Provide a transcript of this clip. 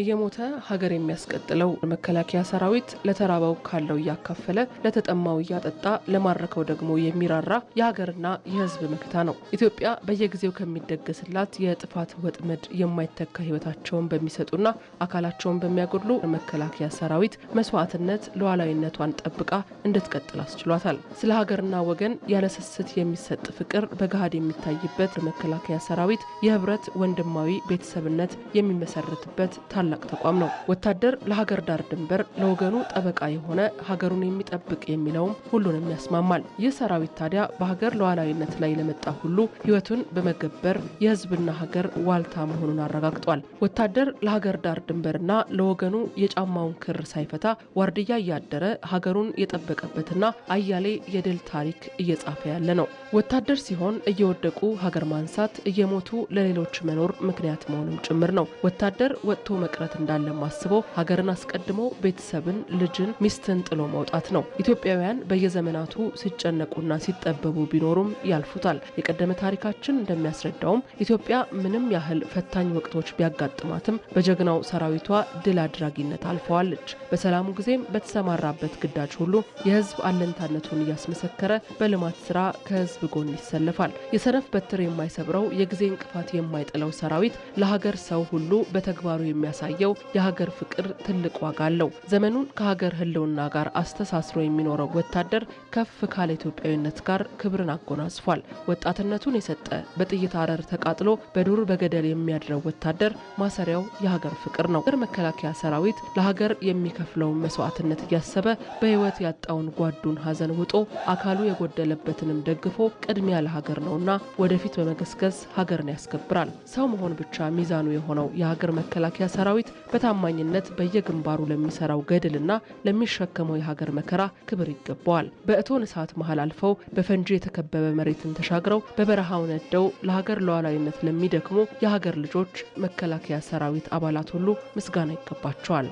እየሞተ ሀገር የሚያስቀጥለው መከላከያ ሰራዊት ለተራበው ካለው እያካፈለ፣ ለተጠማው እያጠጣ፣ ለማረከው ደግሞ የሚራራ የሀገርና የህዝብ መከታ ነው። ኢትዮጵያ በየጊዜው ከሚደገስላት የጥፋት ወጥመድ የማይተካ ህይወታቸውን በሚሰጡና አካላቸውን በሚያጎድሉ መከላከያ ሰራዊት መስዋዕትነት ሉዓላዊነቷን ጠብቃ እንድትቀጥል አስችሏታል። ስለ ሀገርና ወገን ያለስስት የሚሰጥ ፍቅር በገሃድ የሚታይበት መከላከያ ሰራዊት የህብረት ወንድማዊ ቤተሰብነት የሚመሰረትበት ታላቅ ተቋም ነው። ወታደር ለሀገር ዳር ድንበር ለወገኑ ጠበቃ የሆነ ሀገሩን የሚጠብቅ የሚለውም ሁሉንም ያስማማል። ይህ ሰራዊት ታዲያ በሀገር ሉዓላዊነት ላይ ለመጣ ሁሉ ሕይወቱን በመገበር የህዝብና ሀገር ዋልታ መሆኑን አረጋግጧል። ወታደር ለሀገር ዳር ድንበርና ለወገኑ የጫማውን ክር ሳይፈታ ዋርድያ እያደረ ሀገሩን የጠበቀበትና አያሌ የድል ታሪክ እየጻፈ ያለ ነው። ወታደር ሲሆን እየወደቁ ሀገር ማንሳት፣ እየሞቱ ለሌሎች መኖር ምክንያት መሆኑም ጭምር ነው። ወታደር ወጥቶ መቅረት እንዳለ አስበው ሀገርን አስቀድሞ ቤተሰብን፣ ልጅን፣ ሚስትን ጥሎ መውጣት ነው። ኢትዮጵያውያን በየዘመናቱ ሲጨነቁና ሲጠበቡ ቢኖሩም ያልፉታል። የቀደመ ታሪካችን እንደሚያስረዳውም ኢትዮጵያ ምንም ያህል ፈታኝ ወቅቶች ቢያጋጥማትም በጀግናው ሰራዊቷ ድል አድራጊነት አልፈዋለች። በሰላሙ ጊዜም በተሰማራበት ግዳጅ ሁሉ የህዝብ አለንታነቱን እያስመሰከረ በልማት ስራ ከህዝብ ጎን ይሰለፋል። የሰነፍ በትር የማይሰብረው የጊዜ እንቅፋት የማይጥለው ሰራዊት ለሀገር ሰው ሁሉ በተግባሩ የሚያስ የሚያሳየው የሀገር ፍቅር ትልቅ ዋጋ አለው። ዘመኑን ከሀገር ህልውና ጋር አስተሳስሮ የሚኖረው ወታደር ከፍ ካለ ኢትዮጵያዊነት ጋር ክብርን አጎናጽፏል። ወጣትነቱን የሰጠ በጥይት አረር ተቃጥሎ በዱር በገደል የሚያድረው ወታደር ማሰሪያው የሀገር ፍቅር ነው። ሀገር መከላከያ ሰራዊት ለሀገር የሚከፍለውን መስዋዕትነት እያሰበ በህይወት ያጣውን ጓዱን ሀዘን ውጦ አካሉ የጎደለበትንም ደግፎ ቅድሚያ ለሀገር ነውና ወደፊት በመገስገስ ሀገርን ያስከብራል። ሰው መሆን ብቻ ሚዛኑ የሆነው የሀገር መከላከያ ሰራዊት ሰራዊት በታማኝነት በየግንባሩ ለሚሰራው ገድልና ለሚሸከመው የሀገር መከራ ክብር ይገባዋል። በእቶን እሳት መሀል አልፈው በፈንጂ የተከበበ መሬትን ተሻግረው በበረሃው ነደው ለሀገር ሉዓላዊነት ለሚደክሙ የሀገር ልጆች መከላከያ ሰራዊት አባላት ሁሉ ምስጋና ይገባቸዋል።